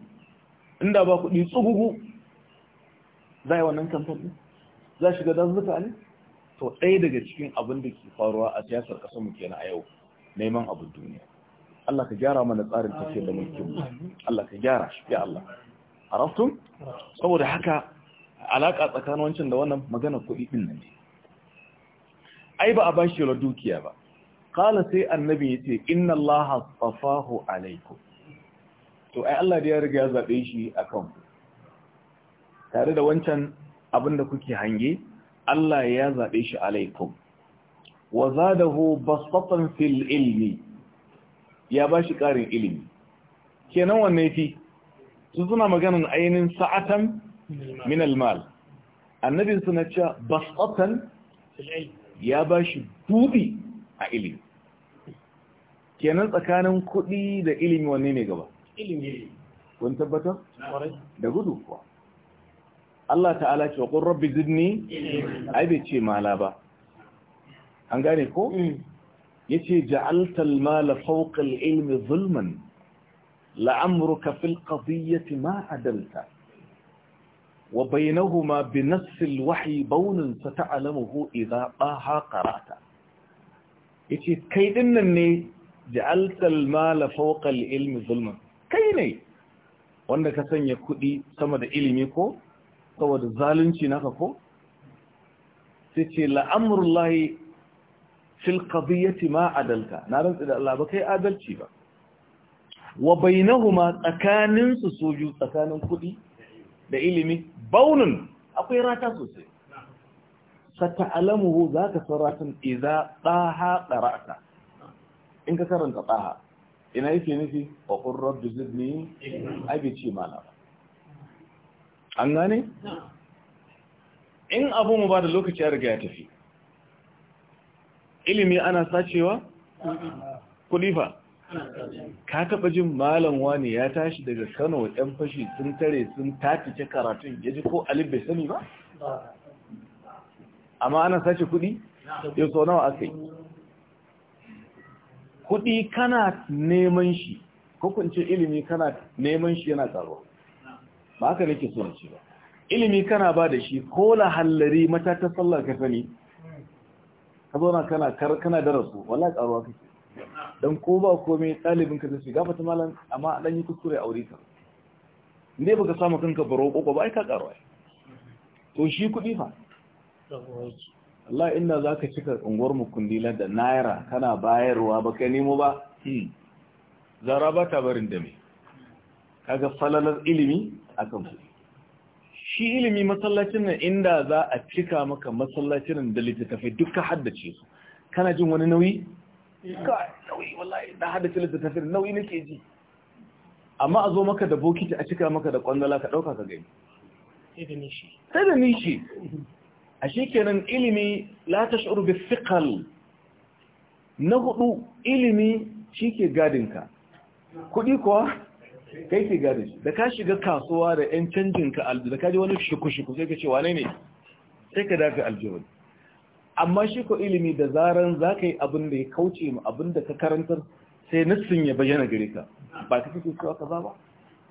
Speaker 1: inda ba kudi tsugugu za yi wannan kamfani za shiga dazuka ne to ɗaya daga cikin abin da ke faruwa a siyasar ƙasarmu kenan a yau neman abin duniya Allah ka gyara mana tsarin tafiyar da mulkin Allah ka gyara shi ya Allah arabtum saboda haka alaka tsakanin wancan da wannan magana kuɗi din nan ai ba a bashi yawar dukiya ba kala sai annabi ya ce inna Allah tsafahu alaikum to ai Allah da ya riga ya zaɓe shi a kan tare da wancan abin da kuke hange Allah ya zaɓe shi alaikum wa zadahu basatan fil ilmi ya bashi ƙarin ilimi kenan wannan yafi su suna maganin ainihin sa'atan min almal annabin suna cewa basatan ya ba shi dubi a ilimi kenan tsakanin kuɗi da ilimi wanne ne gaba kun tabbata da gudu kuwa Allah ta'ala ce wa qur rabbi zidni ai bai ce mala ba an gane ko mm. Ya ja'alta al-mala fawqa al-ilmi zulman la'amruka fil qadiyyati ma adalta wa bainahuma bi nassil wahyi bawnun sata'lamuhu idha aha qara'ta yace kai dinnan ne ja'alta al-mala fawqa al-ilmi zulman kai ne wanda ka sanya kudi sama da ilimi ko saboda zalunci naka ko la ce la'amurullahi fil qadiyyati ma adalta na rantsi da Allah ba kai adalci ba wa bainahuma tsakanin su soju tsakanin kudi da ilimi baunin akwai rata sosai alamuhu za ka ratan iza ɗaha ɗara'ata in ka karanta ɗaha ina yake nufi wa rabbi zirni ake ce mana an gane? in abu mu ba da lokaci ya riga ya tafi ilimi ana sacewa? kulifa ka taɓa jin malam wani ya tashi daga kano yan fashi sun tare sun tatice karatun ya ji ko alif bai sani ba amma ana sace kuɗi
Speaker 3: ya so nawa aka
Speaker 1: yi kuɗi kana neman shi hukunci ilimi kana neman shi yana tsaro ba haka nake so ci ba ilimi kana ba da shi ko la hallari mata ta sallar ka sani ka zo na kana kana darasu wallahi tsaro kake dan ko ba komai ɗalibin ka zafi gafata malam amma dan yi kuskure a ka ne baka samu kanka baro koko ba aika ka karo to shi kuɗi fa Allah inda za ka cika unguwar na da naira kana bayarwa ba ka nemo ba hmm, zara ba ta barin dame kaga falalar ilimi a kan kuɗi shi ilimi masallacin nan inda za a cika maka masallacin da littattafai duka haddace su kana jin wani nauyi nauyi da tafiyar nake ji amma a zo maka da bokiti a cika maka da kwandala ka dauka ka gani sai da nishi a shi kenan ilimi la tashuru bi fikal na hudu ilimi shi ke gadinka kudi kuwa kai ke gadin da ka shiga kasuwa da yan canjin ka da ka ji wani shuku-shuku sai ka ce wane ne sai ka dafi aljihun amma shi ko ilimi da zaran za ka yi abin da ya kauce mu abin da ka karantar sai nassin ya bayyana gare ka ba ka kake cewa kaza ba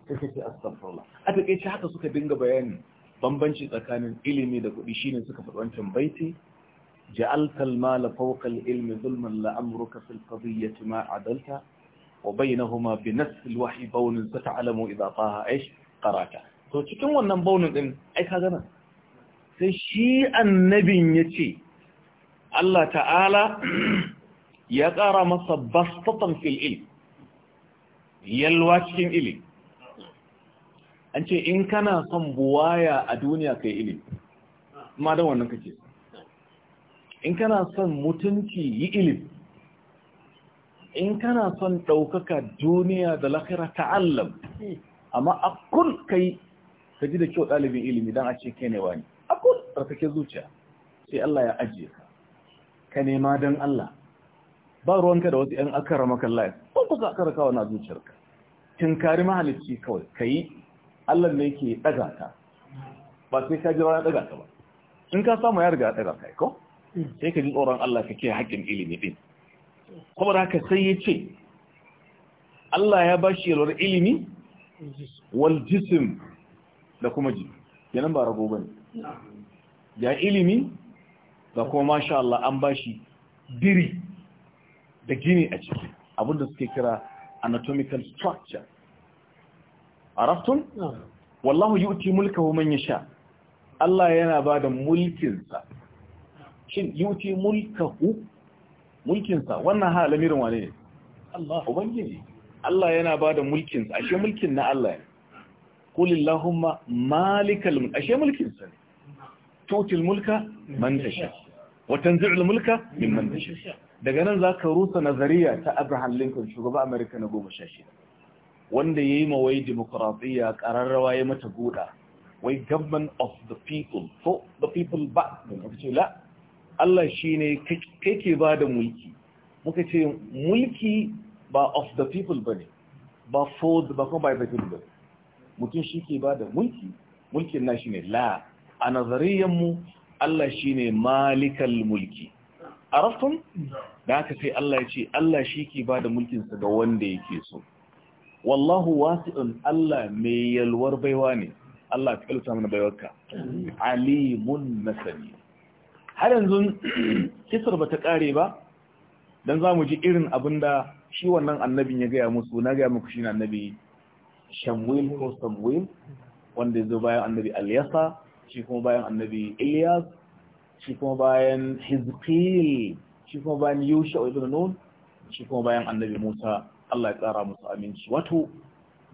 Speaker 1: sai ka ce astaghfirullah a takeice haka suka dinga bayani bambanci tsakanin ilimi da kuɗi shine suka faɗi wancan baiti ja'alta mala fawqa ilmi zulman la amruka fil qadiyyati ma adalta wa bainahuma bi nafs al-wahyi bawnun sata'lamu idha taha aish qarata to cikin wannan baunin din ai ka gana sai shi annabin yace Allah ta'ala ya ƙara masa bastatan fil ilm, yalwa cikin ilimi an ce in kana son buwaya a duniya kai ilimi ma da wannan kake in kana son mutunci yi ilim, in kana son ɗaukaka duniya da lahira ta'allam amma a kun kai ka ji da kyau ɗalibin ilimi don a ce kai ne wani a kun zuciya sai Allah ya ajiye ka ka nema don Allah ba ruwanka da wasu 'yan akara makallaya ban ku za a na zuciyarka tinkari mahalicci kawai ka yi Allah ne ke ɗaga ta ba sai ka jira ya ɗaga ta ba in ka samu ya riga ya ɗaga ka ko sai ka ji tsoron Allah ka ke haƙƙin ilimi ɗin da haka sai ya ce Allah ya ba shi yalwar ilimi wal jisim da kuma ji yanan ba rago ba ne ya ilimi ga kuma masha Allah an bashi biri da gini a ciki abinda suke kira anatomical structure araftun wallahu yu'ti mulkahu man sha. Allah yana ba da mulkinsa. shin yu'ti mulkahu mulkin sa wannan ha lamirin wane ne Allah ubangiji Allah yana ba da mulkinsa. ashe mulkin na Allah ya? kulillahumma malikal mulk ashe mulkin sa ne tutil mulka man tasha wa tanzi'ul mulka mimman tasha daga nan zaka rusa nazariya ta Abraham Lincoln shugaba America na 16 wanda yayi wai demokradiyya kararrawa ya mata guda wai government of the people for the people ba kace la Allah shine kai ke bada mulki muka ce mulki ba of the people bane ba for the ba kuma by the people mutum shi ke bada mulki mulkin nashi ne la a nazariyan mu Allah shine malikal mulki arafun da aka sai Allah ya ce Allah shi ke ba da mulkinsa ga wanda yake so wallahu wasi'un Allah mai yalwar baiwa ne Allah ka kalta mana baiwarka alimun masani har yanzu kisar bata kare ba dan zamu ji irin abinda shi wannan annabin ya gaya musu na gaya muku shine annabi Shamwil ko Samwil wanda ya zo bayan annabi Alyasa shi kuma bayan annabi Ilyas shi kuma bayan Hizqil shi kuma bayan Yusha ibn Nun shi kuma bayan annabi Musa Allah ya tsara musu aminci wato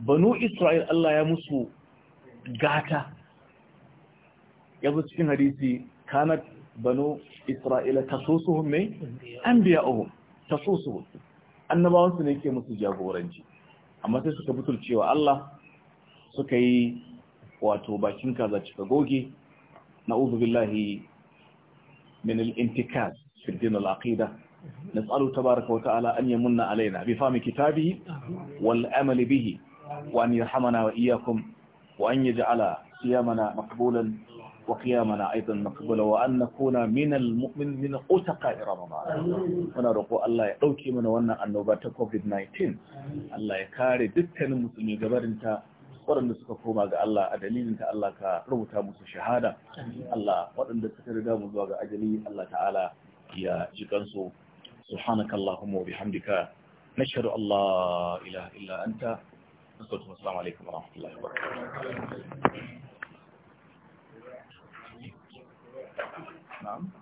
Speaker 1: banu Isra'il Allah ya musu gata yazo cikin hadisi kanat banu Isra'il tasusuhum mai anbiya'uhum tasusuhum annabawansu ne ke musu jagoranci amma sai suka butulcewa Allah suka yi wato bakin kaza cika goge na'udhu billahi min al-intikas fi din al-aqida nas'alu tabaaraka wa ta'ala an yamunna alaina bi fahmi kitabihi wal amali bihi wa an yarhamana wa iyyakum wa an yaj'ala siyamana maqbulan وقيامنا أيضا مقبولة وأن نكون من المؤمن من Muna roƙo Allah ya يأوكي mana wannan أنه ta covid 19 Allah ya دكتن dukkanin musulmi gabarinta. waɗanda suka koma ga Allah a dalilin ta Allah ka rubuta musu shahada Allah waɗanda suka riga mu zuwa ga ajali Allah ta'ala ya ji kansu subhanaka allahumma wa bihamdika nashhadu an la ilaha illa anta nastaghfiruka wa assalamu alaikum wa rahmatullahi wa
Speaker 3: barakatuh